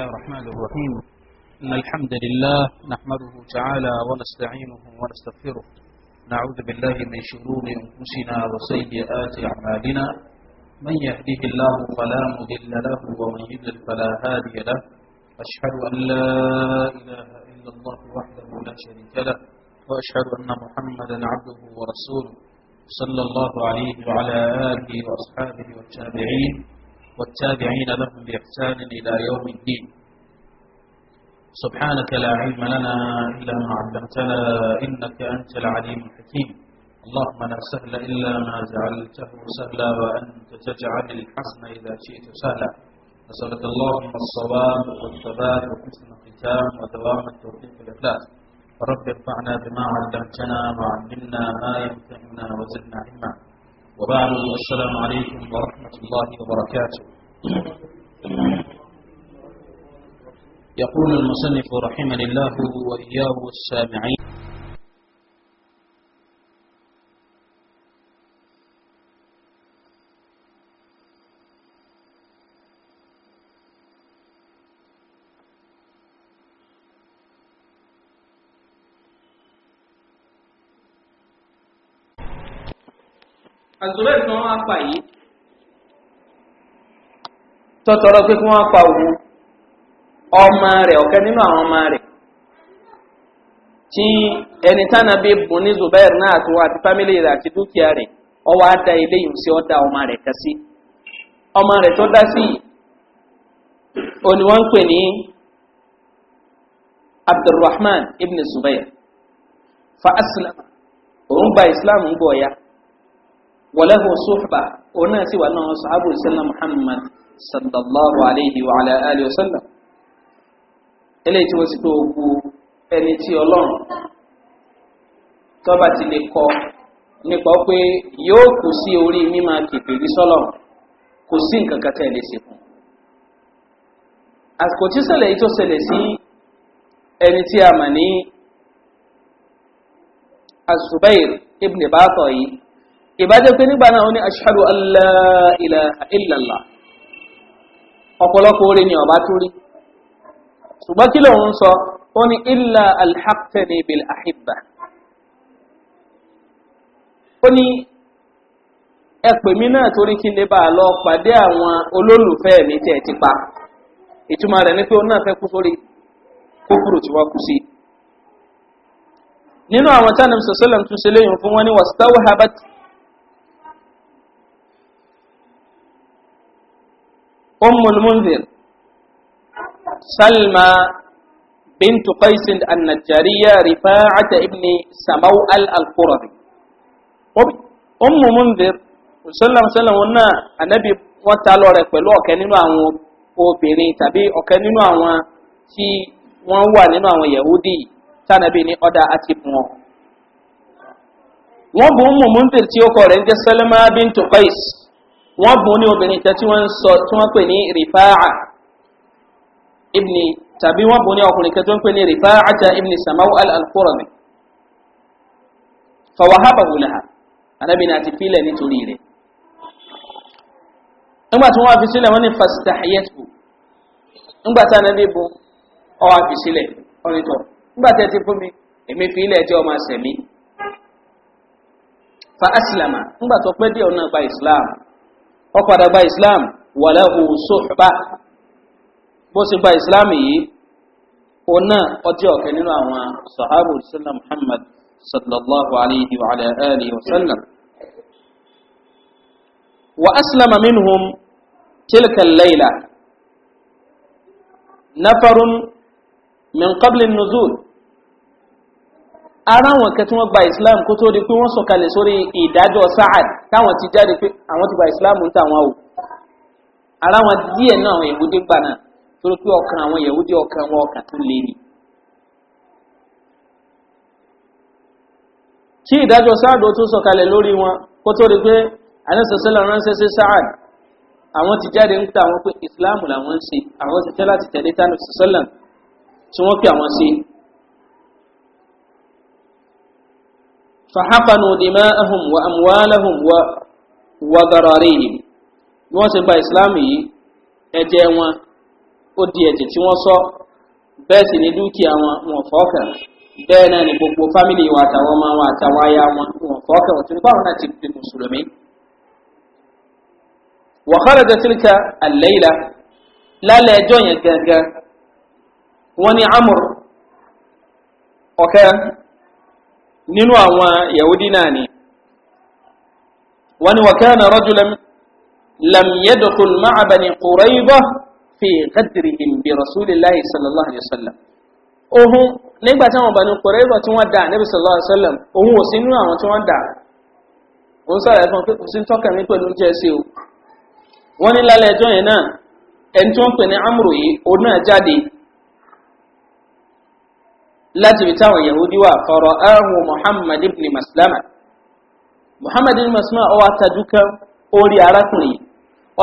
الله الرحمن الرحيم إن الحمد لله نحمده تعالى ونستعينه ونستغفره نعوذ بالله من شرور أنفسنا وسيئات أعمالنا من يهده الله فلا مضل له ومن يضلل فلا هادي له أشهد أن لا إله إلا الله وحده لا شريك له وأشهد أن محمدا عبده ورسوله صلى الله عليه وعلى آله وأصحابه والتابعين والتابعين لهم بإحسان إلى يوم الدين سبحانك لا علم لنا إلا ما علمتنا إنك أنت العليم الحكيم اللهم لا سهل إلا ما جعلته سهلا وأنت تجعل الحسن إذا شئت سهلا أسألك اللهم الصواب والثبات وحسن الختام ودوام التوفيق والإخلاص رب ارفعنا بما علمتنا وعلمنا ما ينفعنا وزدنا علما وبعد السلام عليكم ورحمة الله وبركاته يقول المصنف رحمه الله وإياه السامعين الزبير بن عفان tọ́tọ́rọ́ pé kí wọ́n pa òun ọmọ rẹ̀ ọ̀kẹ́ nínú àwọn ọmọ rẹ̀ tí ẹni tánà bí bùnú zubair náà tó àti fámìlì rẹ̀ àti dúkìá rẹ̀ ọwọ́ á da ilé yìí sí ọ̀dà ọmọ rẹ̀ kà sí ọmọ rẹ̀ tó dá sí òní wọ́n ń pè ní abdulrahman ibn zubair fa aslam òun gba islam ń bọ̀ ya wọlé hùn òun náà sì wà náà sọ abu sallam muhammad sallallahu alayhi wa ala alihi wa sallam eléyìí tí wọ́n ti pé ogu ẹni tí ọlọ́run tọ́ba ti lè kọ nípa pé yóò kù sí orí mímọ kìfèrí sọ́lọ̀ kò sí nǹkan kan tẹ̀ lè sèkùn àsìkò tí ṣẹlẹ̀ yìí tó ṣẹlẹ̀ sí ẹni tí a mà ní ibn bàtọ̀ yìí ìbájẹ́ pé nígbà náà ó ní aṣáájú ilaha illallah ọ̀pọ̀lọpọ̀ orí ni ọba tó rí ṣùgbọ́n kí lòun sọ ó ní ilà alhaqtani bil ahibba ó ní ẹpè mi náà torí kí n lè bá a lọ pàdé àwọn olólùfẹ́ mi tẹ̀ ti pa ìtumọ̀ rẹ̀ ni pé ó náà fẹ́ kú sórí kókòrò tí wọ́n kú sí nínú àwọn tánìm sọ̀sọ́lẹ̀ tún ṣe léyìn fún wọn ní wàsítáwò habat أم المنذر سلمى بنت قيس النجارية رفاعة ابن سموأل القرظي أم منذر صلى الله عليه وسلم قلنا النبي wọ́n ta lọ́rẹ̀ pẹ̀lú ọ̀kẹ́ nínú àwọn obìnrin tàbí ọ̀kẹ́ nínú àwọn tí wọ́n wà nínú àwọn yahudi tánàbí ní ọ̀dà àti bùn ọ̀. wọ́n bu mùmúndìr tí ó kọ̀ rẹ̀ ń jẹ́ sẹ́lẹ̀má bíntù kọ́ìsì wọ́n bùn ní obìnrin kan tí wọ́n sọ tí wọ́n pè ní rìfáà ibni tàbí wọ́n bùn ní ọkùnrin kan tí wọ́n pè ní rìfáà ta ibni samau al-alkurami fawahaba wulaha anabi na ti filẹ̀ nítorí rẹ̀ nígbà tí wọ́n fi sílẹ̀ wọ́n ní fastahiyatu nígbà tí anabi bu ọwọ́ fi sílẹ̀ ọ̀rìtọ̀ nígbà tí ẹ ti fún mi èmi fi tí ọmọ sẹ̀mí fa asilama nígbà tó pẹ́ díẹ̀ ọ̀nà gba islam ọ padà gba islam wà wàlẹ́ òṣùpá bó sì gba islam yìí o náà ọjọ́ ọ̀kẹ́ nínú àwọn sahabu sallam muhammad sallallahu alayhi wa alayhi wa sallam wa aslama minhum tilka layla nafarun min qabli nuzul ara wọn kẹ tí wọ́n gba islam kó tó di pé wọ́n sọ̀kalẹ̀ sórí ìdájọ́ saad táwọn ti jáde pé àwọn ti gba islam ń tà wọn o ara wọn díẹ̀ náà àwọn yahudi gbà náà torí pé ọkàn àwọn yahudi ọkàn wọn ọkàn tó lé ni. kí ìdájọ́ saad ó tó sọ̀kalẹ̀ lórí wọn kó tó di pé àníṣẹ́sẹ́lẹ̀ ránṣẹ́ sí saad àwọn ti jáde ń tà pé islam làwọn ń ṣe àwọn ti tẹ́ láti tẹ̀lé tánù sọ́lá tí wọ́n pè àwọn ṣe. فحقنوا دماءهم وأموالهم و... وضراريهم bí wọ́n ṣe gba ìsìláàmù yìí ẹ̀jẹ̀ wọn ó di ẹ̀jẹ̀ tí wọ́n sọ bẹ́ẹ̀ ni dúkìá wọn wọn fọ́ọ̀kàn bẹ́ẹ̀ náà ni gbogbo fámìlì wa àtàwọn ọmọ wọn àtàwọn aya wọn wọn nínú àwọn yahudi náà ni wọ́n ni wàkánà rọ́júlẹ̀ lamyẹ́dọ̀kùn ma'abani kùrẹ́ibọ́ fi gádìrì ìbí rasulillahi sallallahu alaihi wasallam ohun nígbà tí wọ́n bá ní kùrẹ́ibọ́ tí wọ́n dá níbi sallallahu alaihi wasallam ohun ò sí nínú àwọn tí wọ́n dá ó ń sára ẹ̀fọn kò sí tọ́ka ní pẹ̀lú jẹ́ o wọ́n ní lálẹ́ ẹjọ́ yẹn náà ẹni tí wọ́n pè ní amúrò yìí òun náà láti fi táwọn yahudi wà fọ̀rọ̀ ahùn muhammad ibn maslama muhammad ibn maslama ọwọ́ atajú kan orí arákùnrin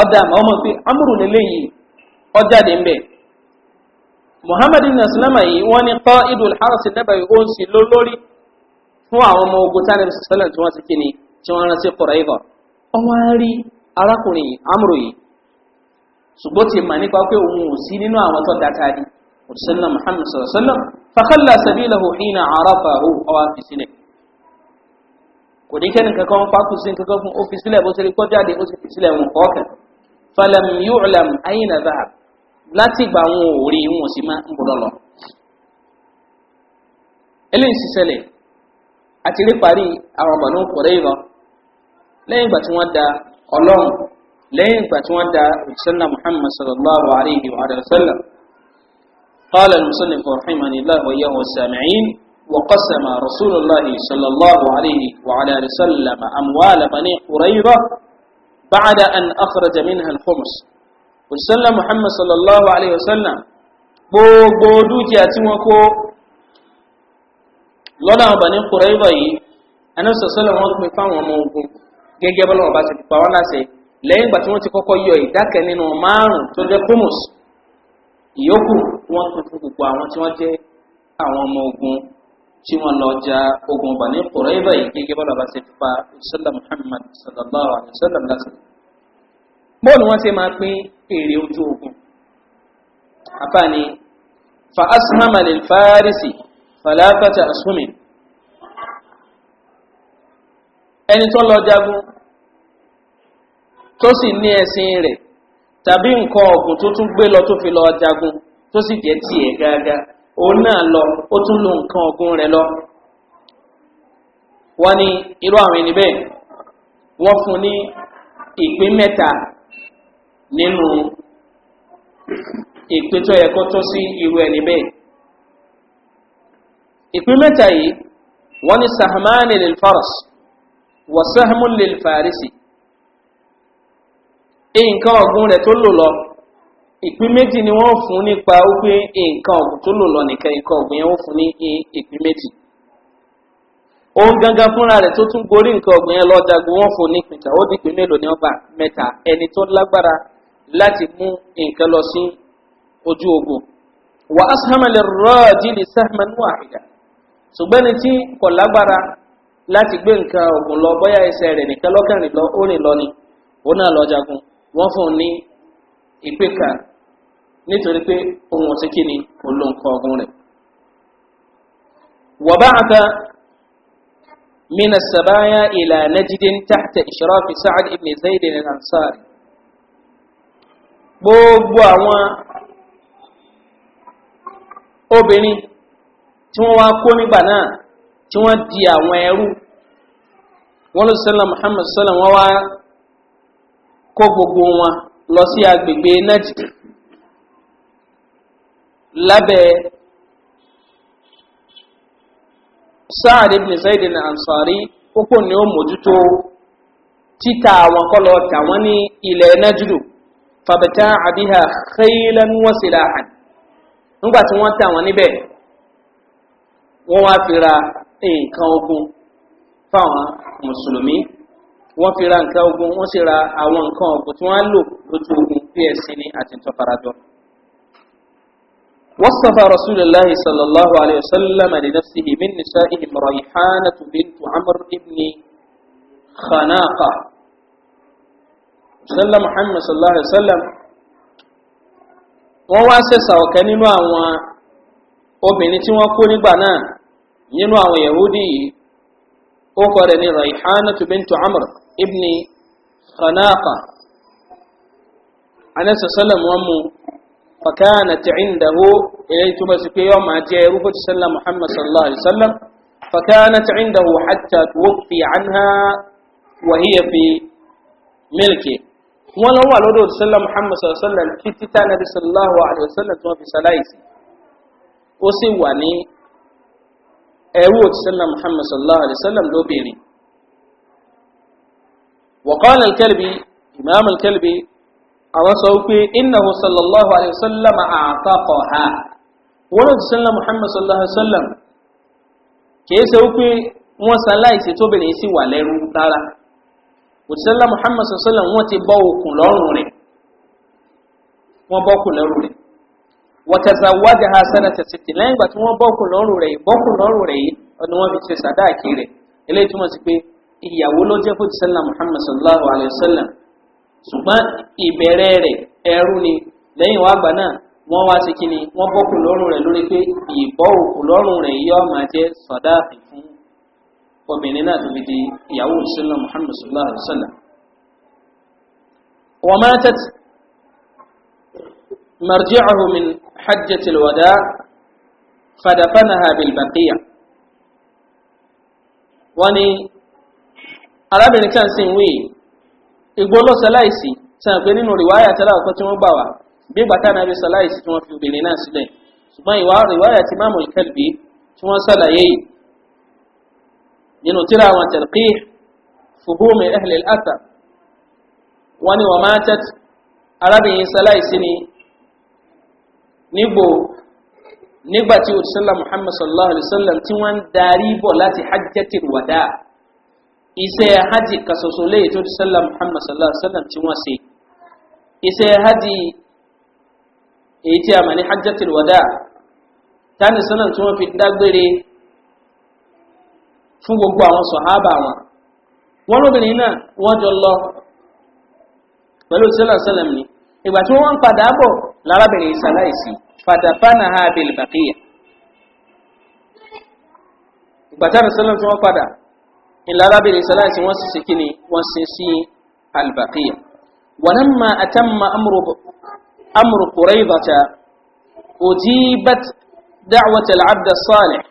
ọ̀dà àmọ́ ọmọ pé amúrù lélẹ́yìí ọjáde ń bẹ̀ muhammad ibn maslama yìí wọ́n ní kọ́ idul harasi dábàá ó ń sì lólórí fún àwọn ọmọ ogun tánà bí sọ́lẹ̀ tí wọ́n ti kíni tí wọ́n rán sí kọ̀rọ̀ ìbọ̀ ọwọ́ rí arákùnrin yìí amúrù yìí ṣùgbọ́n ti mà nípa pé òun ò sí nínú àwọn tó dáta ni òṣìṣẹ́ muhammad sọ̀rọ̀ sọ́lọ́ fakalla sabilahu hina arafahu ọwa fi sílẹ̀ kò ní kẹ́ni kankan fákù sí kankan fún ó fi sílẹ̀ bó ṣe rí kọjáde ó sì fi sílẹ̀ wọn kọ́ọ̀kan falam yu'lam ayna dhahab láti gba àwọn òòrí wọn sì máa ń gbọ́dọ̀ lọ. eléyìí sì ṣẹlẹ̀ àti rí parí àwọn ọmọ náà kọ̀rẹ́ ìlọ da ọlọ́run lẹ́yìn ìgbà tí wọ́n da òṣìṣẹ́ muhammad sallallahu alayhi wa sallam قال المصنف رحمه الله وإياه السامعين وقسم رسول الله صلى الله عليه وعلى آله وسلم أموال بني قريظة بعد أن أخرج منها الخمس وسلم محمد صلى الله عليه وسلم gbogbo dúkìá tí wọ́n kó lọ́dà ọba ní kùrẹ́bà yìí anásọ̀sọ́lẹ̀ wọ́n pín fáwọn ọmọ ogun gẹ́gẹ́ bọ́lá ọba ti pa wọ́n láṣẹ lẹ́yìn ìgbà tí wọ́n ti kọ́kọ́ yọ ìdákẹ́ nínú márùn-ún tó jẹ́ kúmùsù ìyókù wọn tún fún gbogbo àwọn tí wọn jẹ àwọn ọmọ ogun tí wọn lọ ja ogun bani kùrẹ́bà yìí gẹ́gẹ́ bọ́lá bá ṣe fa ìṣẹ́lẹ̀ muhammad sallallahu alayhi wa sallam lásán. bóòlù wọn ṣe máa pín èrè ojú ogun. àbáni fa asmama lil farisi asumi. ẹni tó lọ jagun tó sì ní ẹ̀sìn rẹ̀ tàbí nǹkan ọ̀gùn tó tún gbé lọ tó fi lọ jagun tó sì jẹ́ tiẹ̀ gáagáa òun náà lọ ó tún lo nǹkan ọ̀gùn rẹ̀ lọ. wọ́n ní irú àwọn ẹni bẹ́ẹ̀ wọ́n fún ní ìpín mẹ́ta nínú ìpín tó yẹ kó tó sí irú ẹni bẹ́ẹ̀. ìpín mẹ́ta yìí wọ́n ní sahmani lil faras wa sahmun lil farisi nǹkan ọ̀gbun rẹ̀ tó lò lọ ìpín méjì ni wọ́n fún nípa wípé nǹkan ọ̀gbun tó lò lọ nìkan nǹkan ọ̀gbun yẹn wọ́n fún ní ìpín méjì òun gangan fúnra rẹ̀ tó tún gorí nǹkan ọ̀gbun yẹn lọ jagun wọ́n fún ní ìpín kan ó dìpín mélòó ni wọ́n gbà mẹ́ta ẹni tó lágbára láti mú nǹkan lọ sí ojú ogun wà á sàmàlẹ̀ rọ́ọ̀dì lè sàmàlẹ̀ wà àìdá ṣùgbọ́n ni tí kò lágbára láti gbé nǹkan ọ̀gbun lọ bóyá ẹsẹ̀ rẹ̀ nìkan lọ́kàn rìn lọ ó rìn lọ ni òun náà lọ jagun wọ́n fún un ní ìpè kan nítorí pé ohun ọ̀sẹ̀ kí ni olóńkọ ọ̀gùn rẹ̀. وبعث من السبايا إلى نجد تحت إشراف سعد بن زيد الأنصاري gbogbo àwọn obìnrin tí wọ́n wá kó nígbà náà tí wọ́n di àwọn ẹrú wọ́n lọ sẹ́lẹ̀ muhammad sọ́lẹ̀ wọ́n wá kó gbogbo wọn lọ sí agbègbè nẹ́ẹ̀tì lábẹ́ sáàdì ibn zaidi na ansari púpọ̀ ni ó mójútó títà àwọn kọlọ tà wọ́n ní ilẹ̀ nájúdù fàbẹ̀tà àbíhà khaylan wasila hàn nígbà tí wọ́n tà wọ́n níbẹ̀ wọ́n wá fi ra nǹkan ogun fáwọn mùsùlùmí wọ́n fi ra nǹkan ogun wọ́n sì ra àwọn nǹkan ogun tí wọ́n lò lójú ogun psc ní àti ìtọ́farajọ. وصف رسول الله صلى الله عليه وسلم لنفسه من نسائهم ريحانة بنت عمرو بن خناقة sallam muhammad sallallahu alaihi wasallam wọ́n wá sẹ́sà ọ̀kẹ́ nínú àwọn obìnrin tí wọ́n kó nígbà náà nínú àwọn yahudi yìí orúkọ rẹ̀ ni raihanatu bintu amr ibni khanaqa anẹ́sà sallam wọn mú fakana ti indahu ilẹ̀ ìtumọ̀ sí pé yọ máa jẹ́ rúkọ ti sallam muhammad sallallahu alaihi sallam fakana ti indahu hatta tuwfi anha wa hiya fi milki wọn lọ wà lọ́dọ̀ sallam muhammad sallallahu alaihi sallam títí tá nabi sallallahu alaihi sallam tó fi salaisi ó sì wà ẹ̀rú òtísẹ́lá muhammad sallallahu alaihi wasallam lóbìnrin wọ̀kọ́lá alkalbi imam alkalbi àwọn sọ wípé innahu sallallahu alaihi wasallam àtàkọ̀ ha wọ́n òtísẹ́lá muhammad sallallahu alaihi wasallam kìí ṣe wípé wọ́n san láìsí tóbìnrin sí wà lẹ́rú rárá òtísẹ́lá muhammad sallallahu alaihi wasallam wọ́n ti bọ́ okùn lọ́rùn rẹ̀ wọ́n bọ́kùn lẹ́rù rẹ̀ wọ̀tẹ̀sàwádìí sanata sìtì lẹ́yìn ìgbà tí wọ́n bọ́kùn lọ́rùn rẹ̀ yìí bọ́kùn lọ́rùn rẹ̀ yìí ọ̀nà wọn fi ṣe sàdáàkì rẹ̀ eléyìí túmọ̀ sí pé ìyàwó ló jẹ́ fún ìṣẹ́lá muhammed sallallahu alayhi wa sallam ṣùgbọ́n ìbẹ̀rẹ̀ rẹ̀ ẹrú ni lẹ́yìn wá gbà náà wọ́n wá sí kíni wọ́n bọ́kùn lọ́rùn rẹ̀ lórí pé ìbọ́ òkú rẹ̀ yọ́ máa jẹ́ sàdáàkì حجة الوداع فدفنها بالبقية واني arábìnrin kan sì ń wí igbó ló ṣaláìsí sàn pé nínú rìwáyà tẹ́lá ọ̀kan tí wọ́n gbà wá bí bàtà náà bí ṣaláìsí tí wọ́n fi obìnrin náà sílẹ̀ ṣùgbọ́n ìwà rìwáyà ti máàmù ìkẹlbí tí wọ́n ṣàlàyé yìí nínú tíra àwọn tẹ̀lẹ́kì fùhùmí ẹ̀hìlẹ̀ àtà wọ́n ní wọ́n máa tẹ́tù arábìnrin ṣaláìsí ni nígbò nígbàtí òtísọ́lá muhammad sallallahu alaihi wasallam tí wọ́n ń darí bọ̀ láti hajjatir wada iṣẹ́ hajji kasoso léyìí tó òtísọ́lá muhammad sallallahu alaihi wasallam tí wọ́n ṣe iṣẹ́ hajji èyí tí a mọ̀ ní hajjatir wada tani sallam tí wọ́n fi dágbére fún gbogbo àwọn sọ̀hábà wọn wọ́n lóbìnrin náà wọ́n jọ lọ pẹ̀lú òtísọ́lá sallam ni ìgbà tí wọ́n ń padà bọ̀ lárábìnrin ìsàláìsì فدفنها بالبقية بطار السلام شو فدا إن لا رب الرسالة وانس سكني وانس سي البقية ولما أتم أمر أمر قريضة أجيبت دعوة العبد الصالح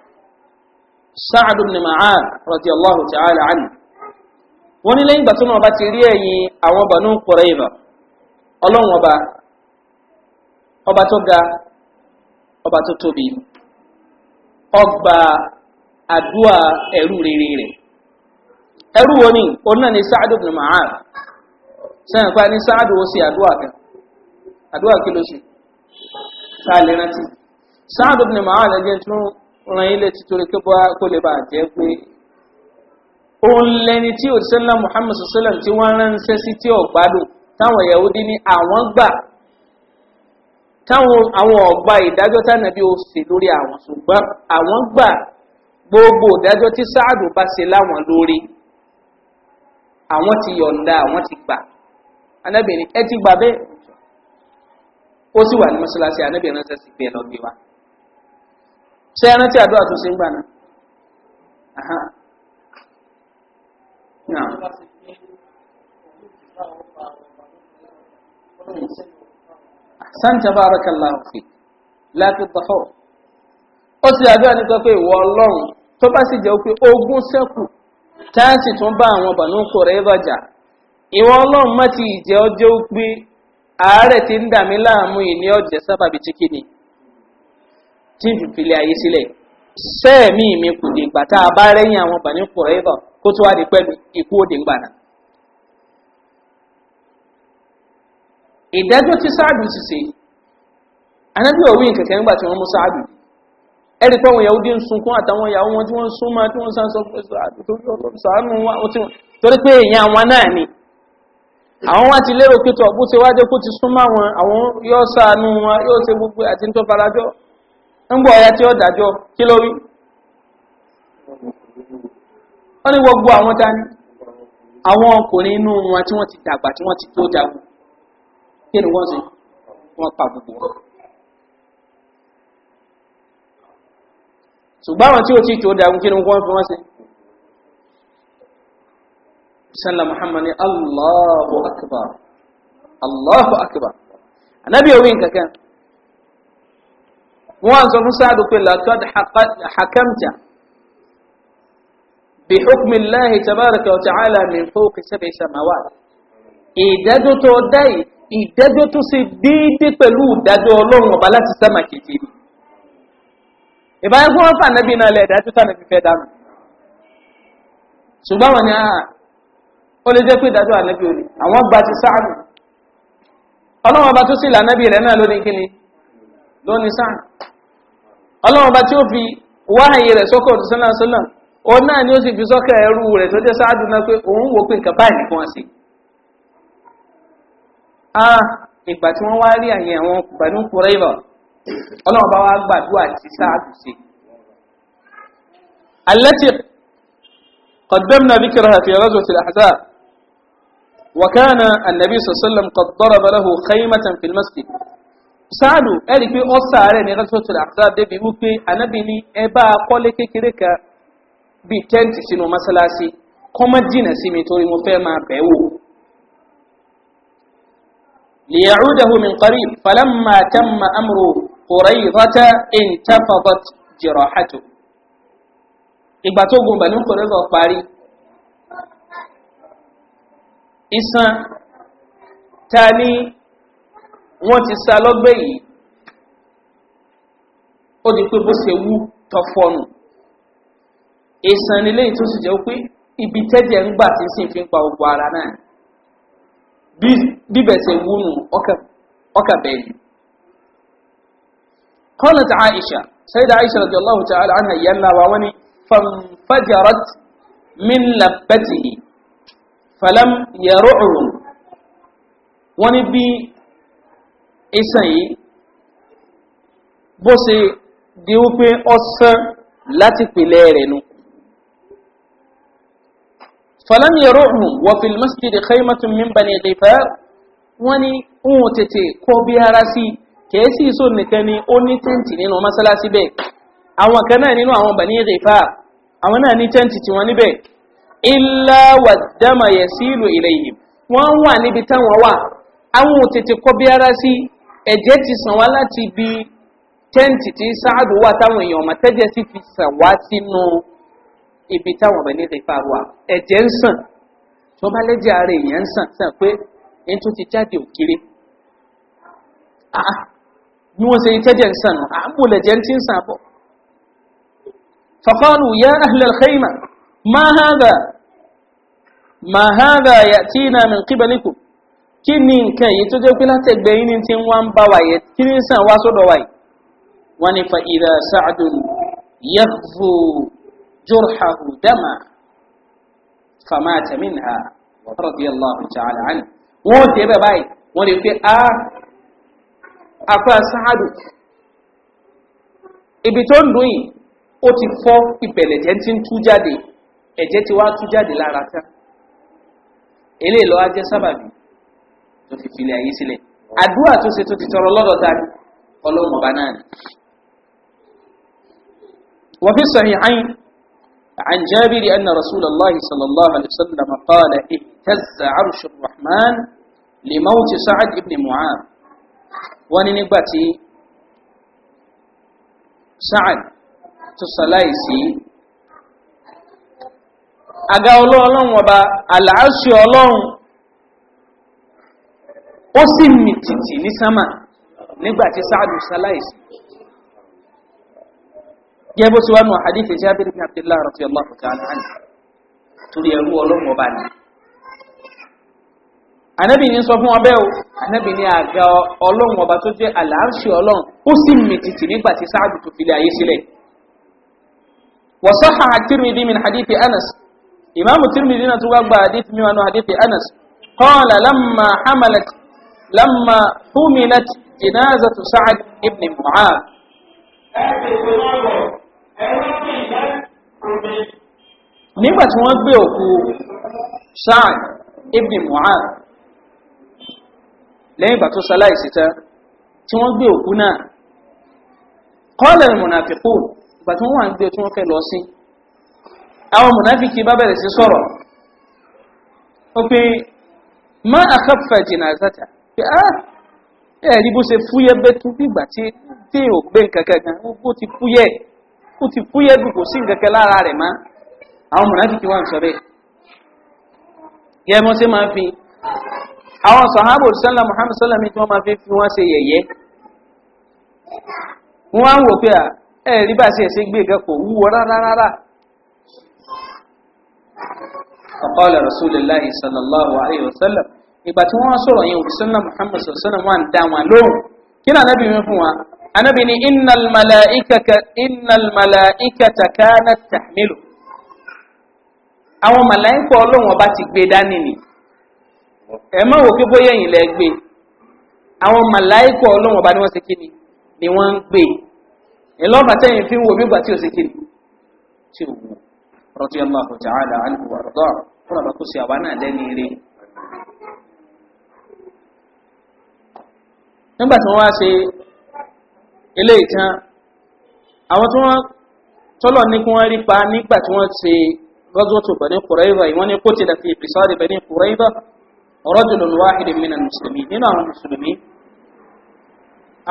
سعد بن معاذ رضي الله تعالى عنه wọ́n ni lẹ́yìn ìgbà tó wọn bá ti rí ẹ̀yìn àwọn ọba tó tóbi ọgbà àdúà eru rere rẹ̀ ẹ̀rú wo ni òun náà ni sáàdù bin mahar sẹ́yìn pa ní sáàdù ó sì àdúà kan àdúà kí ló ṣe sáàlẹ̀ rántí sáàdù bin mahar ẹgbẹ́ tún ràn ilé títorí kí kó lè bá jẹ́ pé òun lẹni tí òṣèlú muhammad sallam tí wọ́n ránṣẹ́ sí tí ọ̀gbádùn táwọn ní àwọn gbà táwọn àwọn ọ̀gbà ìdájọ́ tánàbí ó ṣe lórí àwọn ṣùgbọ́n àwọn gbà gbogbo ìdájọ́ tí sáàdù bá ṣe láwọn lórí àwọn ti yọ̀ǹda àwọn ti gbà anábìnrin ẹ ti gbà bẹ́ẹ̀ ó sì wà ní mọ́ṣáláṣí anábìnrin ránṣẹ́ sí bẹ́ẹ̀ lọ́gbẹ̀ wa ṣé ẹran tí àdúrà tó ṣe ń gbà náà Thank santa barakallahu fi láti dọ̀fọ́ ó sì àdúrà ní pé ìwọ ọlọ́run tó bá sì jẹ́ pé ogún sẹ́kù táàsì tún bá àwọn bànú kò rẹ̀ bàjá ìwọ ọlọ́run má ti ìjẹ́ ọjọ́ pé ààrẹ ti ń dà mí láàmú ìní ọ̀jẹ̀ sábàbí tí kìíní tí ń fìfìlẹ̀ ayé sílẹ̀ sẹ́ẹ̀mí mi kò dìgbà tá a bá rẹ́yìn àwọn bànú kò kó tó wá di pẹ́lú ikú òdìgbà náà ìdájọ́ tí sáàdù sì se anábí òwin kẹ̀kẹ́ ńgbà tí wọ́n mú sáàdù ẹ̀rì tọ́wọ̀n yàwó dín sunkún àtàwọn yàwó wọn tí wọ́n sún máa tí wọ́n sá sọ pé sàánù wọn torí pé èèyàn àwọn náà ni àwọn wá ti lérò pé tọ̀ bó ti wá jẹ́ kó ti sún máa wọn àwọn yóò sàánù wọn yóò ṣe gbogbo àti tó farajọ́ ń gbọ́ ọ̀yá tí ó dájọ́ kí ló rí wọ́n ní gbogbo àwọn dání àwọn ọkùnrin inú wọn tí wọ́n ti dàgbà tí wọ́n ti tó jagun kí ni wọ́n ṣe wọ́n pa gbogbo wọn ṣùgbọ́n àwọn tí ó ti tó dágún kí ni wọ́n fi wọ́n ṣe sallá muhammad ni allahu akbar allahu akbar anabi owi nkankan wọ́n sọ fún sáàdù pé látọ́d hakamta bí hukmi láhì tabaraka wa ta'ala min fókè sábẹ̀ samawa ìdádó tó dáyìí ìdájọ́ tó ṣe déédé pẹ̀lú ìdájọ́ ọlọ́run ọba láti sẹ́mà kejì ni ìbáyé fún ọ́fà nẹ́bí náà fi fẹ́ dánù ṣùgbọ́n ni a ah, ó lè jẹ́ pé ìdájọ́ ànẹ́bí ò ní àwọn gba ti sáàmù ọlọ́run ọba tó sì là nẹ́bí rẹ̀ náà lónìí kíni lónìí sáàmù ọlọ́run ọba tí ó fi wáhàyè rẹ̀ sọ́kọ̀ ọ̀dùnsánlá sọ́lá òun náà ni ó sì fi sọ́kẹ̀ ẹrú rẹ̀ tó jẹ́ sáàdù náà pé òun wò a ah, ìgbà tí wọ́n wá rí àyè àwọn pẹ̀lú kúrẹ́bà ọlọ́run bá wá gbàdúrà tí sáàdù sí alẹ́tì قدمنا ذكرها في غزوة الأحزاب وكان النبي صلى الله عليه وسلم قد ضرب له خيمة في المسجد sáàdù pé ó sàárẹ̀ ní rẹ́sọ̀tù àkàtà débi wípé anábì ní ẹbá kọ́lé kékeré kan bíi tẹ́ǹtì sínú mọ́sálásí kọ́mọ́ jìnà sí mi torí mo fẹ́ máa bẹ̀wò ليعوده من قريب فلما تم أمر قريظة انتفضت جراحته ìgbà tó gun bẹ̀lú isan ta ní wọ́n ti sa yìí ó di pé bó ṣe wú isan nílé pé ibi tẹ́jẹ̀ ń gbà tí fi ń pa bíbẹ̀sẹ̀ wúnu ọkà bẹ́ẹ̀ni قالت عائشة سيدة عائشة رضي الله تعالى عنها يلا ووني فانفجرت من لبته فلم يرعه وني بي إسان بوسي ديوبي أسان láti pèlẹ̀ rẹ̀ nu فلم يروحهم وفي المسجد خيمة من بني غفار واني اوتتي كوبيا راسي كيسي سن كاني اوني تنتي نينو مسلا سيبي اما كان نينو اما بني غفار اما ناني تنتي تيواني بي إلا والدم يسيل إليهم وان واني بتان ووا اما اوتتي كوبيا راسي اجتي سنوالا تي بي تنتي تي سعد واتاوين يوم تجسي في سواسي نو ibi táwọn ọmọ nílé ìparọ à ẹ̀jẹ̀ ń sàn tó bá lẹ́jẹ̀ ara èèyàn ń sàn sàn pé ẹni tó ti jáde òkèrè bí wọ́n ṣe ìtẹ́jẹ̀ ń sàn nù àbúlẹ̀jẹ̀ ń ti ń sàn bọ̀ فقالوا يا أهل الخيمة ما هذا ما هذا يأتينا من قبلكم kí ni nǹkan èyí tó jẹ́ pé látẹ̀gbẹ́ yín ní tí wọ́n ń bá wa yẹ kí ní sàn wá sọ́dọ̀ wa yìí wọ́n ní fa ìdá sáàdùn yẹ́fù جرحه دما فمات منها رضي الله تعالى عنه wọ́n ti ẹbẹ̀ báyìí wọ́n lè fi á apá sáàdù ibi tó ń dùn yìí ó ti fọ́ ìbẹ̀lẹ̀ jẹ́ ti ń tú jáde ẹ̀jẹ̀ ti wá tú jáde lára tán eléyìí lọ́wọ́ jẹ́ sábàbí tó fi filẹ̀ ayé sílẹ̀ àdúrà tó ṣe tó ti tọrọ lọ́dọ̀ ta ni ọlọ́run ọba náà ni. wọ́n fi sọ̀yìn ayín عن جابر أن رسول الله صلى الله عليه وسلم قال اهتز عرش الرحمن لموت سعد بن معاذ وننبتي سعد تصليسي aga الله ọba وبا العرش ó أسمي تتي نسمع نبتي سعد nígbàtí gẹ́gbó tí wọ́n nù àdífẹ́ sí abẹ́rẹ́ ní abdullahi rafi allahu ta'ala hàn torí ẹ̀rú ọlọ́run ọba ni anabi ní sọ fún ọbẹ̀ o anabi ní àga ọlọ́run ọba tó jẹ́ àlàáṣì ọlọ́run ó sì mìtìtì nígbà tí sáàdù tó filẹ̀ ayé sílẹ̀ wọ́sọ́hà tìrìmìdì min hadithi anas ìmáàmù tìrìmìdì náà tó wá gba nígbà tí wọ́n gbé òkú sáà ibn mu'ad lẹ́yìn ìgbà tó sáláìsì tẹ́ tí wọ́n gbé òkú náà kọ́lẹ̀ mùnàfikù ìgbà tí wọ́n wà ń gbé tí wọ́n fẹ́ lọ sí àwọn mùnàfikì bá bẹ̀rẹ̀ sí sọ̀rọ̀ ó pé má àkàfà jìnà àzàtà pé á ah, ẹ̀rí bó ṣe fúyẹ́ bẹ́tú bí ìgbà tí tí ò gbé nǹkan kankan ó ti fúyẹ́ ó ti fúyẹ́ bí kò sí nkẹ́kẹ́ lára rẹ̀ má àwọn mọ̀nàfíkì wà ń sọ bẹ́ẹ̀ yẹ mọ́ sí máa fi àwọn sọ̀hábò sọ́lá muhammad sọ́lá mi tí wọ́n máa fi fi wọ́n ṣe yẹ̀yẹ́ wọ́n á wò pé à ẹ̀ bá ṣe ẹ̀ṣẹ́ gbé ìgbẹ́ kò rárá rárá ọ̀kọ́lẹ̀ rasulullahi sallallahu anabi ni innal malaikata innal malaikata kanat tahmilu àwọn màláìkọ ọlọ́run ọba ti gbé dání ni ẹ má wò pé bóyá ẹ̀yìn lẹ gbé àwọn màláìkọ ọlọ́run ọba ni wọ́n ṣe kí ni ni wọ́n ń gbé ìlọ́ọ̀bà tẹ̀yìn fi ń wo bígbà tí ò ṣe kí ni tí ò wù rọ́tí ọmọ àkùtà àdá àlùkò àrùdọ́ fún ọba kó ṣe àwa náà lẹ́ni rí. nígbà tí wọ́n wá ṣe ilé tán àwọn tí wọ́n tọ́lọ̀ ní kí wọ́n rí pa nígbà tí wọ́n ṣe bẹ̀ kùrẹ́bà ìwọ́n ní kó tilẹ̀ fi ìpìsọ́ọ̀dì bẹ̀ni kùrẹ́bà ọ̀rọ̀dùnlọ́n wáhìdì mìíràn mùsùlùmí nínú àwọn mùsùlùmí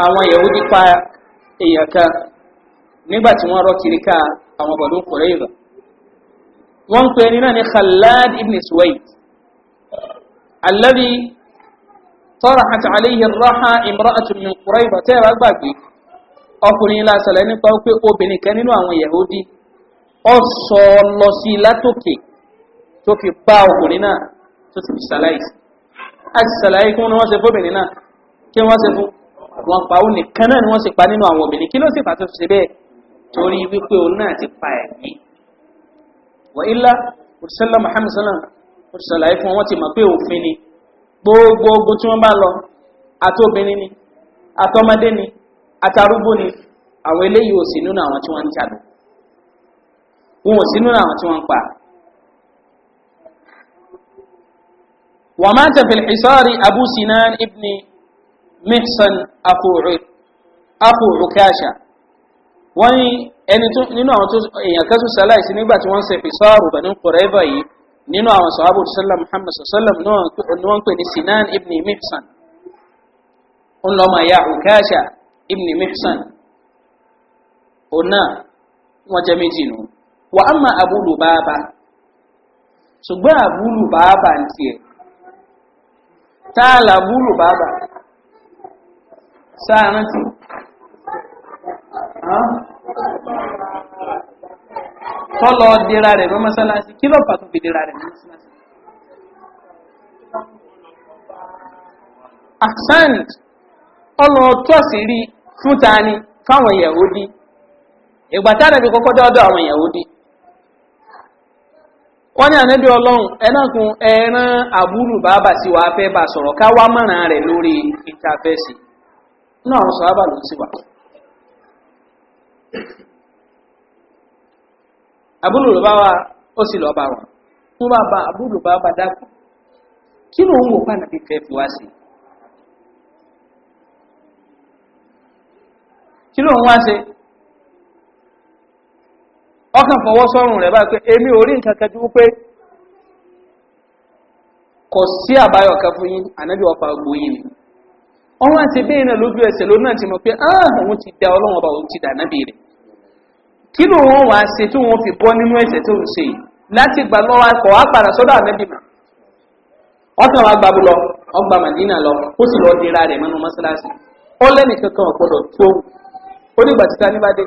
àwọn yahudi pa èèyàn kan nígbà tí wọ́n rọ́ kiri ká àwọn bọ̀dún kùrẹ́bà wọ́n ń pè ní náà ní khalad ibn suwaid alladhi طرحت عليه الراحة امرأة من قريبة ترى الباقي ọkùnrin ńlá sọ̀rọ̀ nípa pé obìnrin kan nínú àwọn yahudi ọ sọ lọ sí látòkè tó fi bá ọkùnrin náà tó ti ṣàlàyé a ti ṣàlàyé kí wọ́n ṣe fóbìnrin náà kí wọ́n ṣe fún wọn pa ó nìkan náà ni wọ́n ṣe pa nínú àwọn obìnrin kí ló sì fà tó ṣe bẹ́ẹ̀ torí wípé òun náà ti pa ẹ̀mí wà ilá òṣìṣẹ́lá muhammed sallam òṣìṣàlàyé fún wọn ti mọ̀ pé òfin ni gbogbo ogun tí wọ́n bá lọ àtobìnrin ni àtọmọdé ni atarúgbó ni àwọn eléyìí ò sí nínú àwọn tí wọ́n ń jàdù wọn ò sí nínú àwọn tí wọ́n ń pa wà máa tẹ̀fẹ̀ ìsọ́rí abu sinan ibni mixon akurukaṣa wọ́n ní ẹni nínú àwọn tó èèyàn kẹ́tù sàláìsí nígbà tí wọ́n ṣe ìsọ́rù bẹ̀nu kọ̀rẹ́bà yìí nínú àwọn sọ̀hábù sọ́lá muhammad sọ́lá ni wọ́n pè ní sinan ibni mixon ń ya ukaṣa ibn mihsan ọ̀nà wọn jẹ́ méjì nù wà á ma abúlù bàbá ṣùgbọ́n abúlù bàbá ń tiẹ̀ tààlà abúlù bàbá sáà rántí tọ́lọ dira rẹ̀ bọ́ mọ́sálásí kí ló pàtó fi dira rẹ̀ bọ́ mọ́sálásí. ahsan ọlọ rí fún ni fáwọn yahudi ìgbà tá ànàbí kọ́kọ́ dọ́dọ̀ àwọn yahudi wọ́n ní ànàbí ọlọ́run ẹnàkùn ẹran àbúrù bàbà sí wa fẹ́ bá sọ̀rọ̀ ká wá mọ̀ràn lórí ìtafẹ́sì náà àwọn sọ̀rọ̀ àbàlù sí wa àbúrù bàbà ó sì lọ bá wọn fún bàbá àbúrù bàbà dákùn kí ló ń wò kí ló ń wá ṣe ọkàn fọwọ́ sọ́rùn rẹ̀ báyìí pé èmi orí nǹkan kẹjú pé kò sí àbáyọ kan fún Ọnwa ànábì ọpa gbogbo náà lójú ẹsẹ̀ mo pé àwọn ah, ti da ọlọ́wọ́n ọba òun ti dà nábì kí ló wá ṣe fi bọ́ nínú ẹsẹ̀ tó ń ṣe gba láti gbà lọ́wọ́ akọ̀ wá padà sọ́dọ̀ ànábì mà ọkàn wa gbàgbọ́ lọ ọgbà màdínà lọ ó sì lọ dira rẹ̀ mọ́nú mọ́ṣáláṣí ó lẹ́nìkankan onígbà títa ní bàdé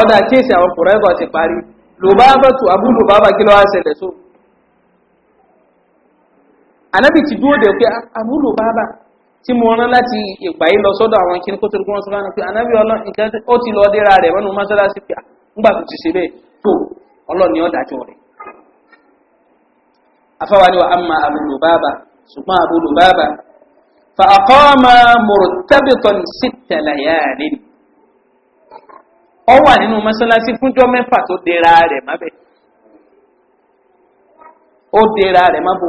ọ̀dà kéèsì àwọn kùrẹ́gọ̀ ti parí lòbábàtù abúlòbábà kí ló wá ṣẹlẹ̀ tó anábì ti dúró dẹ̀ pé tí mo rán láti ìgbà yìí lọ sọ́dọ̀ àwọn kí ní kó tó pé anábì nǹkan ó ti lọ dé ra rẹ̀ mọ́nu mọ́sálásí pé ńgbà tó ti ṣe bẹ́ẹ̀ tó ọlọ́run ni ọ̀dájọ́ rẹ̀ afáwa ni ṣùgbọ́n فأقام مرتبطا ست ليال ọ wà nínú mọ́ṣáláṣí fúnjọ́ mẹ́fà tó dera rẹ̀ mábẹ́ ó dera rẹ̀ mábò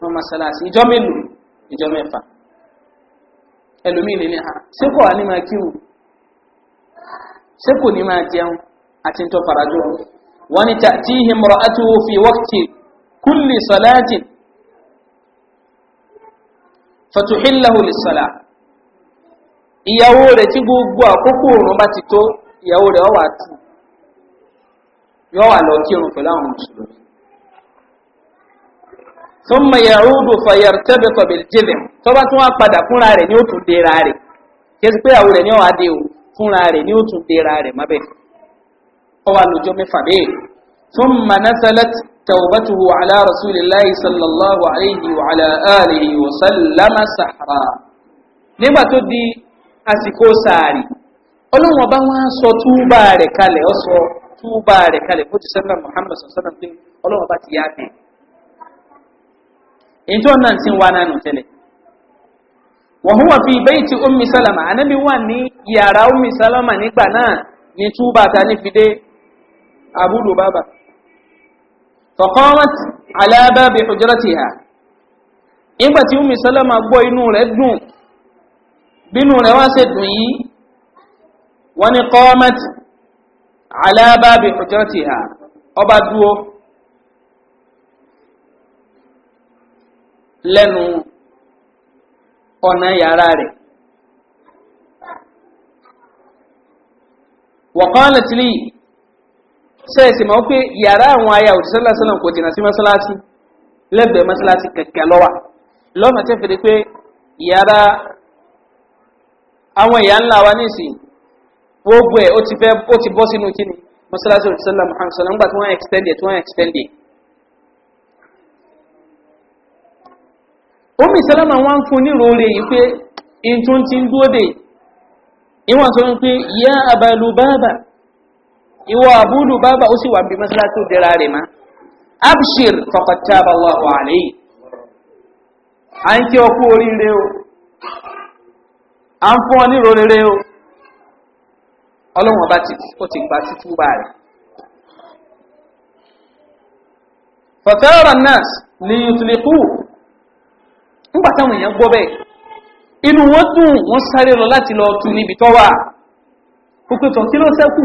ní mọ́ṣáláṣí ìjọ mélòó ìjọ mẹ́fà ẹlòmíì nínú ha ṣé kò wà ní máa kíwù ṣé kò ní máa jẹun àti ń tọ́ farajọ́ wọn ni tí ìhìn mọ̀rọ̀ àti òfin wọ́ọ̀tì kúlì fatuhillahu lisala ìyàwó rẹ̀ tí gbogbo àkókò òrùn bá ti tó ìyàwó rẹ̀ ọwà tù yọ wà lọ kírun pẹ̀lú àwọn mùsùlùmí ثم يعود فيرتبط بالجذع tó bá tún wá padà fúnra rẹ̀ ni ó tún dera rẹ̀ kesi pé awo rẹ̀ ni ó wá dé o fúnra rẹ̀ ni ó dera rẹ̀ mabe ó wà mẹ́fà be ثم نزلت توبته على رسول الله صلى الله عليه وعلى آله وسلم سحرا nígbà tó di àsìkò sàárì ọlọ́run ọba wọn sọ túbà rẹ̀ kalẹ̀ ọ sọ túbà rẹ̀ kalẹ̀ fún jùsẹ́lá muhammad sọ̀sọ́nà pé ọlọ́run ọba ti yáàfẹ́ èyí tó náà ti ń wá nánú tẹ́lẹ̀ wọ́n hùwà fi bẹ́ẹ̀ tí omi sálàmà anábì wà ní yàrá omi sálàmà nígbà náà ní túbà ta ní fide abúlù bàbà fọ̀kọ́mọ́t alábẹ́bẹ̀ alaaba ha ìgbàtí umi salama gbọ́ inú rẹ̀ dùn bínú rẹ̀ wá sí dùn yìí wọ́n ni kọ́mọ́t alábẹ́bẹ̀ òjọ́rọ̀tì ha ọba sẹ́ẹ̀sì máa pé yàrá àwọn aya òjíṣẹ́ lásán kò jìnnà sí mọ́sálásí lẹ́gbẹ̀ẹ́ mọ́sálásí kẹ̀kẹ́ lọ́wà lọ́nà tẹ́ fèrè pé yàrá àwọn ìyá ńlá wa nísìn gbogbo ẹ̀ ó ti fẹ́ ó ti bọ́ sínú kíni mọ́sálásí òjíṣẹ́ lásán muhammed sọlá nígbà tí wọ́n extend it wọ́n extend it. omi ìsẹ́lẹ̀mà wọ́n ń fún nílò rẹ̀ yìí pé ìtún ń dúó dé ìwọ̀n sọ abalubaba ìwọ àbúdù bábà ó sì wà bí mọ́sálásí ó dẹ́ra rẹ̀ má abshir fọkàtà bàwà wà lẹ́yìn à ń kí ọkú oríire o à ń fún ọ ní ìrorere o ọlọ́run ọba ti ó ti gba rẹ̀ fọ̀tẹ́rọ̀ náà lè yùtùlẹ̀kù nígbà èèyàn gbọ́ bẹ́ẹ̀ inú wọn dùn wọn sáré lọ láti lọ tu níbi tọ́wà ó kí ló sẹ́kù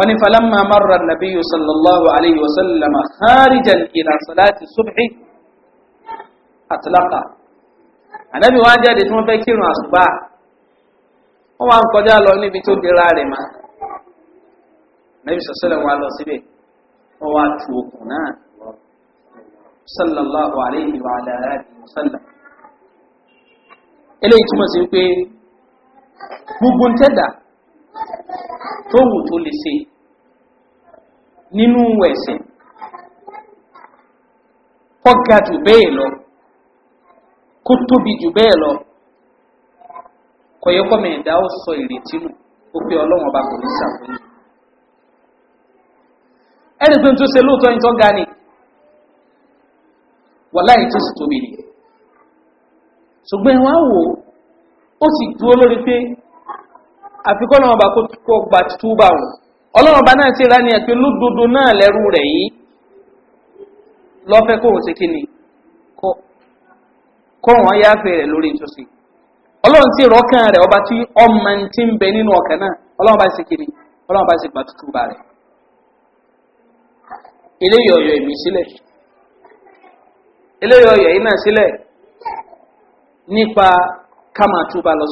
wọ́n ní falamma marra nabiyyu sallallahu alayhi wa sallam kharijan ila salati subhi atlaqa anabi wa jáde tí wọ́n fẹ́ kírun àsùbá wọ́n wá ń kọjá lọ níbi tó dira rẹ̀ ma nabi sallallahu wa lọ síbẹ̀ wọ́n wá tu okùn náà sallallahu alayhi wa alayhi wa eléyìí túmọ̀ sí pé gbogbo ń tẹ́dà tó wù tó lè ṣe nínú ẹ̀sìn kó ga jù bẹ́ẹ̀ lọ kó tóbi jù bẹ́ẹ̀ lọ kọ̀yẹ́kọ́ mẹ́ẹ̀dá ó sọ ìrètí nù ó pé ọlọ́run ọba kò ní sàkóyè ẹni tó ń tó ṣe lóòótọ́ ìtọ́ ga ni wà láì tó sì tóbi ni ṣùgbọ́n ẹ̀wọ̀n wò ó sì dúró lórí pé àfikọ́ náà ọba kó gbà túbà wọn ọlọ́run ọba náà ti ra ẹ̀pẹ́ lódodo náà lẹ́rú rẹ̀ yìí lọ́fẹ́ kóhùn sí kíni kóhùn ayáfẹ́ rẹ̀ lórí ìtòsí ọlọ́run ti rọ́kàn rẹ̀ ọba tí ọmọ ti ń bẹ nínú ọ̀kẹ́ náà ọlọ́run bá sì kíni ọlọ́run bá gbà tútù bá rẹ̀ èmi sílẹ̀ yìí náà sílẹ̀ nípa ká máa túbà lọ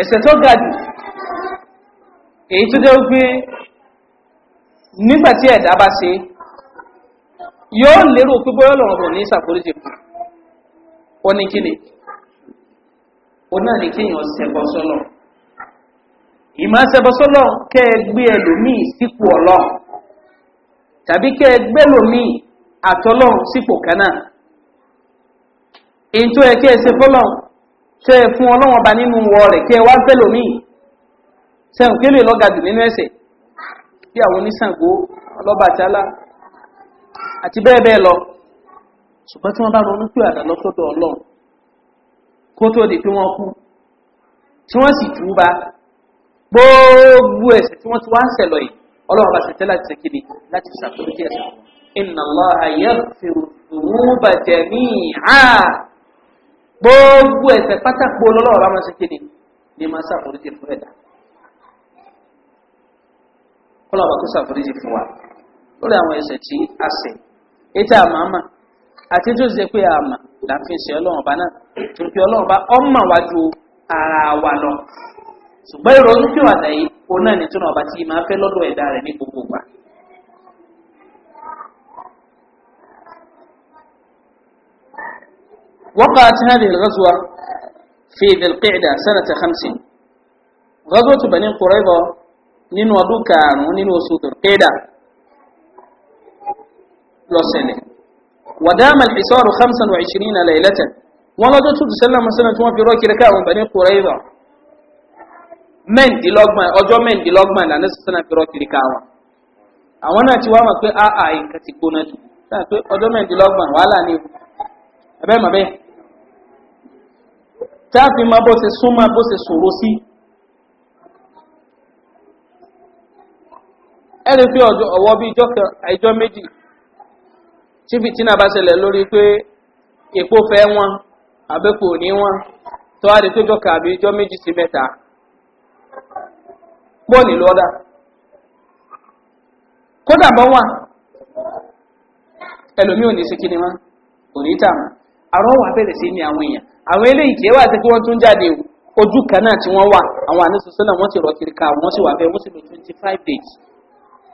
ẹ̀ṣẹ̀ tó ga jù èyí tó jẹ́ wípé nígbàtí ẹ̀dá bá ṣe yóò lérò pé bóyá ọlọ́run kò ní ṣàforíjì fún ó ní kíni ó náà ní kíyàn ṣẹbọ sọ́lọ̀ ìmọ̀ ṣẹbọ sọ́lọ̀ kẹ́ ẹ gbé ẹlòmíì sípò ọlọ́ tàbí kẹ́ ẹ gbé ẹlòmíì àtọ́lọ́ sípò kan èyí tó yẹ kí ẹ ṣe tẹ́ ẹ fún ọlọ́wọ́n ba nínú wọ rẹ̀ kí ẹ wá bẹ́ lómi sẹ́wọ̀n kí lè lọ́ga jù nínú ẹ̀sẹ̀ bí àwọn oníṣàngó ọlọ́bàtálá àti bẹ́ẹ̀ bẹ́ẹ̀ lọ ṣùgbọ́n tí wọ́n bá ronú pé àdá lọ́sọ́dọ̀ ọlọ́run kó tó di pé wọ́n kú tí wọ́n sì túba gbogbo ẹ̀sẹ̀ tí wọ́n ti wá ń sẹ̀lọ̀ yìí ọlọ́run bá ṣẹ̀tẹ́ láti ṣèkìlì láti ṣàkóso díẹ̀ sí iná lọ òṣùwọ̀n bàjẹ́ ní àá gbogbo ẹ̀fẹ̀ pátákó lọ́lọ́rọ̀ láwọn ṣe kéde ní ma ṣàforíjì fún ẹ̀dá kọ́lá ọba tó ṣàforíjì fún wa lórí àwọn ẹsẹ̀ tí a ṣe ètò àmàmà àti tó ṣe pé àmà láàfin ṣe ọlọ́run ọba náà tó fi ọlọ́run ọba ọmọ wa ju ara wa lọ ṣùgbọ́n yìí òun náà ọba tí máa fẹ́ lọ́dọ̀ وقعت هذه الغزوة في ذي القعدة سنة خمسين. غزوة بني قريظة نين ودوكان ونين وسود القعدة لسنة ودام الحصار خمسا وعشرين ليلة وما دوتو تسلم مثلا تما في روكي ركاء بني قريظة من دي لغمان أجو من دي لغمان لأنه سنة في روكي ركاء àwọn náà ti wá mọ̀ pé àà nǹkan ti gbóná jù láti pé ọjọ́ mẹ́rìndínlọ́gbọ̀n wàhálà ni táàfi ma bó ṣe súnmá bó ṣe ṣòro sí ẹni fi ọ̀wọ́ bí ìjọ méjì tí fìtínà bá ṣẹlẹ̀ lórí pé èpo fẹ́ wọn àbẹ́kò ní wọn tó wá di pé jọ́kà àbí ìjọ méjì sí mẹ́ta pọ̀ ní lọ́dà kódà bọ́ wà àrọ́ wà bẹ̀rẹ̀ sí ní àwọn èèyàn àwọn eléyìí kìí wà sí pé wọ́n tún jáde ojú kan náà tí wọ́n wà àwọn àníṣoṣo náà wọ́n ti rọ̀ kiri ká wọ́n sì wà bẹ́ẹ̀ wọ́n sì lò twenty five days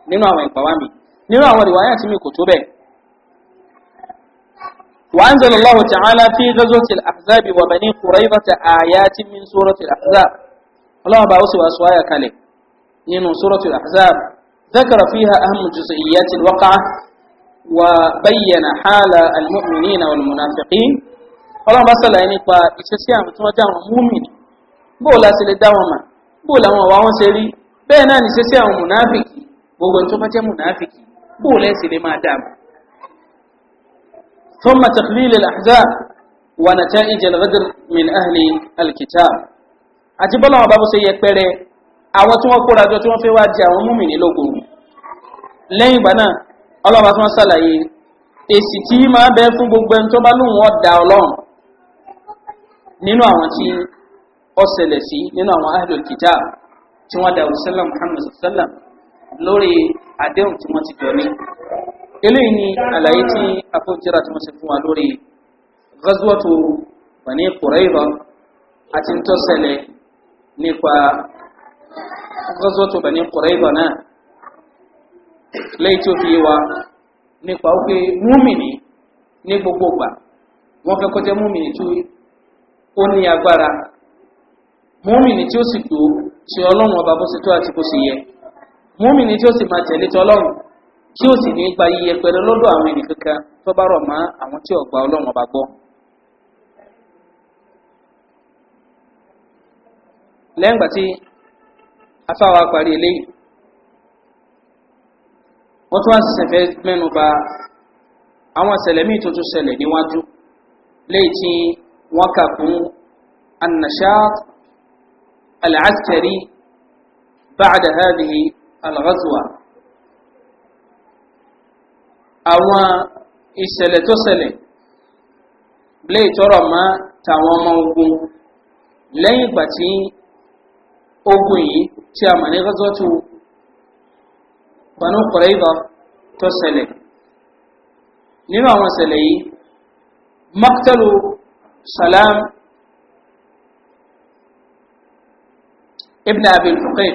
nínú àwọn ìpàwá mi nínú àwọn ìwáyà tí mi kò tó bẹ́ẹ̀. وأنزل الله تعالى في غزوة الأحزاب وبني قريظة آيات من سورة الأحزاب الله باوس وأسوايا كالي من سورة الأحزاب ذكر فيها أهم جزئيات الوقعة وبين حال المؤمنين والمنافقين ọlọ́run bá sọ̀lá nípa ìṣesí àwọn tí wọ́n jẹ́ àwọn múmìnì bóò la ṣe lè dá wọn mà bóò làwọn ọ̀wá wọn ṣe rí bẹ́ẹ̀ náà nìṣesí àwọn mùnáfìkì gbogbo ẹni tó bá jẹ́ mùnáfìkì bóò lẹ́sìn lè máa dààmú. ثم تقليل الأحزاب ونتائج الغدر من أهل الكتاب àjíbọ́ làwọn bá bó ṣe yẹpẹrẹ àwọn tí wọ́n kóra jọ tí wọ́n fẹ́ wá jẹ àwọn múmìnì lógo lẹ́yìn ìgbà náà ọlọ́ba tó ń ṣàlàyé èsì tí máa bẹ fún gbogbo ẹni tó bá lóun ọ̀dà ọlọ́run nínú àwọn tí ó ṣẹlẹ̀ sí nínú àwọn ahlul kitab tí wọ́n dàrú sẹ́lẹ̀m muhammed sẹ́lẹ̀m lórí àdéhùn tí wọ́n ti jọ ní eléyìí ni àlàyé tí afọ́jíra tí wọ́n ṣe fún wa lórí ghazwatu bani qurayza àti ń tó ṣẹlẹ̀ nípa ghazwatu bani qurayza náà lẹ́yìn tí ó fi wa nípa ó pé múmìnì ní gbogbo gbà wọ́n fẹ́ kọjá múmìnì tí ó ní agbára múmìnì tí ó sì tó ṣe ọlọ́run ọba bó ṣe tó àti bó ṣe yẹ múmìnì tí ó sì máa tẹ̀lé tọlọ́run tí ó sì ní gba yíyẹ pẹ̀lú lọ́dọ̀ àwọn ènìyàn kankan tó bá rọ̀ mọ́ àwọn tí ò ọlọ́run ọba gbọ́. lẹ́yìn ìgbà tí afáwa parí eléyìí wọ́n tó wá ṣẹ̀ṣẹ̀ fẹ́ mẹ́nu ba àwọn ṣẹlẹ̀ míì tuntun ṣẹlẹ̀ níwájú léyìí tí wọ́n kà fún annashat al'askari ba'da hadhihi al àwọn ìṣẹ̀lẹ̀ tó ṣẹlẹ̀ léyìí tọrọ mọ́ tàwọn ọmọ ogun lẹ́yìn ìgbà tí ogun yìí tí a mọ̀ ní ghazwatu banu kùrẹ́dà tó ṣẹlẹ̀ nínú àwọn ṣẹlẹ̀ yìí maktalu salam ibn abil fuqayn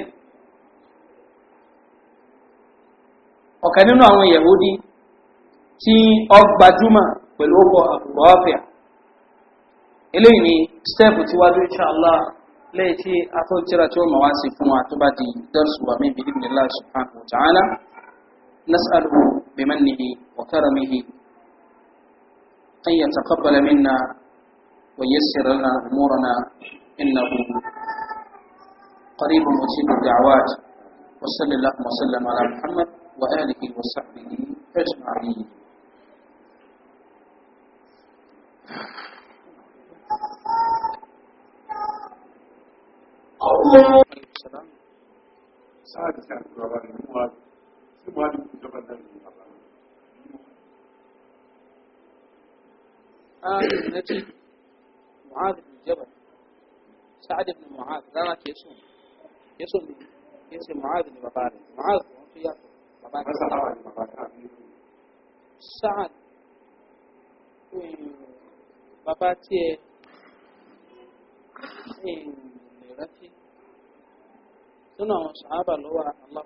ọ̀kan nínú àwọn yahudi tí ọ gbajúmọ̀ pẹ̀lú ọkọ̀ àbúrò ọ̀fẹ́ eléyìí ni stẹ́ẹ̀pù tíwájú inṣàlá léyìí ato a tó mawasi ó mọ̀ wá sí fún wa di dọ́rùsù wa mí bíi ìdílé idile subhanahu wa ta'ala bi mannihi wa karamihi an yataqabbala minna wa yassir lana umurana innahu قريب مجيب الدعوات وصلى الله وسلم على محمد وآله وصحبه أجمعين سعد سعد معاذ بن جبل سعد بن معاذ ذاك يسوع يسوع يسوع معاذ بن مقارن معاذ في سعد بابا تي ان رفيق nínú àwọn sàábà ló wà aláwọ̀ àná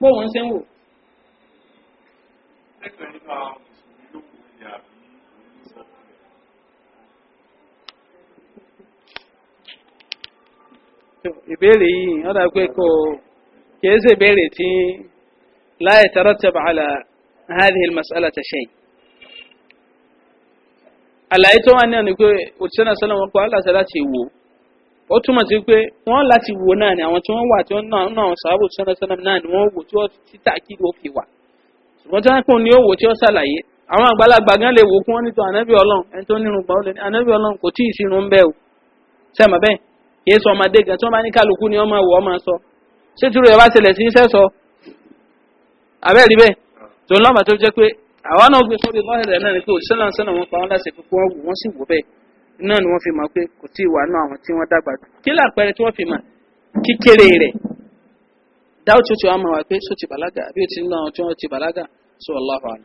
bóun ṣe ń wò. ìbéèrè yìí wọ́n dà pé kò kìí ṣe ìbéèrè tí láì tẹ́rọ̀tẹ̀bà àlà هذه المسألة شيء àlàyé tó wà ní ọ̀nà pé òtítọ́nà sọ́lọ́wọ́ pọ̀ aláṣẹ láti wò ó túmọ̀ sí pé wọ́n láti wò náà ni àwọn tí wọ́n wà tí wọ́n náà náà sàábò sọ́nàsọ́nà náà ni wọ́n wò tí wọ́n títà kí ló fi wà ṣùgbọ́n tí wọ́n pè ní òwò tí ó ṣàlàyé àwọn àgbàlagbà gan lè wò fún wọn nítorí ànábì ọlọ́run ẹni tó nírun gbà ó lè ní ànábì ọlọ́run kò tí ì sínú ń bẹ́ẹ̀ o sẹ́mọ̀ bẹ́ẹ̀ kì í sọ ọmọdé gan tí wọ́n bá ní kálukú ni ọmọ ìwọ ọmọ sọ ṣé tí rẹ̀ bá ṣẹlẹ̀ sí iṣẹ́ sọ abẹ́ rí bẹ́ẹ̀ tó ń lọ́mọ tó jẹ́ pé àwa náà gbé sórí lọ́hẹ̀rẹ̀ náà ni pé òṣìṣẹ́ náà sọ́nà wọn pa wọn láṣẹ fún wọn wọ́n sì wò bẹ́ẹ̀ náà ni wọ́n fi mọ̀ pé kò tí ì wà náà àwọn tí wọ́n dàgbà jù kí lápẹẹrẹ tí wọ́n fi mọ̀ kíkéré rẹ̀ dáwọ́ tí ti wá mọ̀ wá pé sọ ti bàlágà àbí ó ti ń lọ àwọn tí wọ́n ti bàlágà sọ ọlọ́run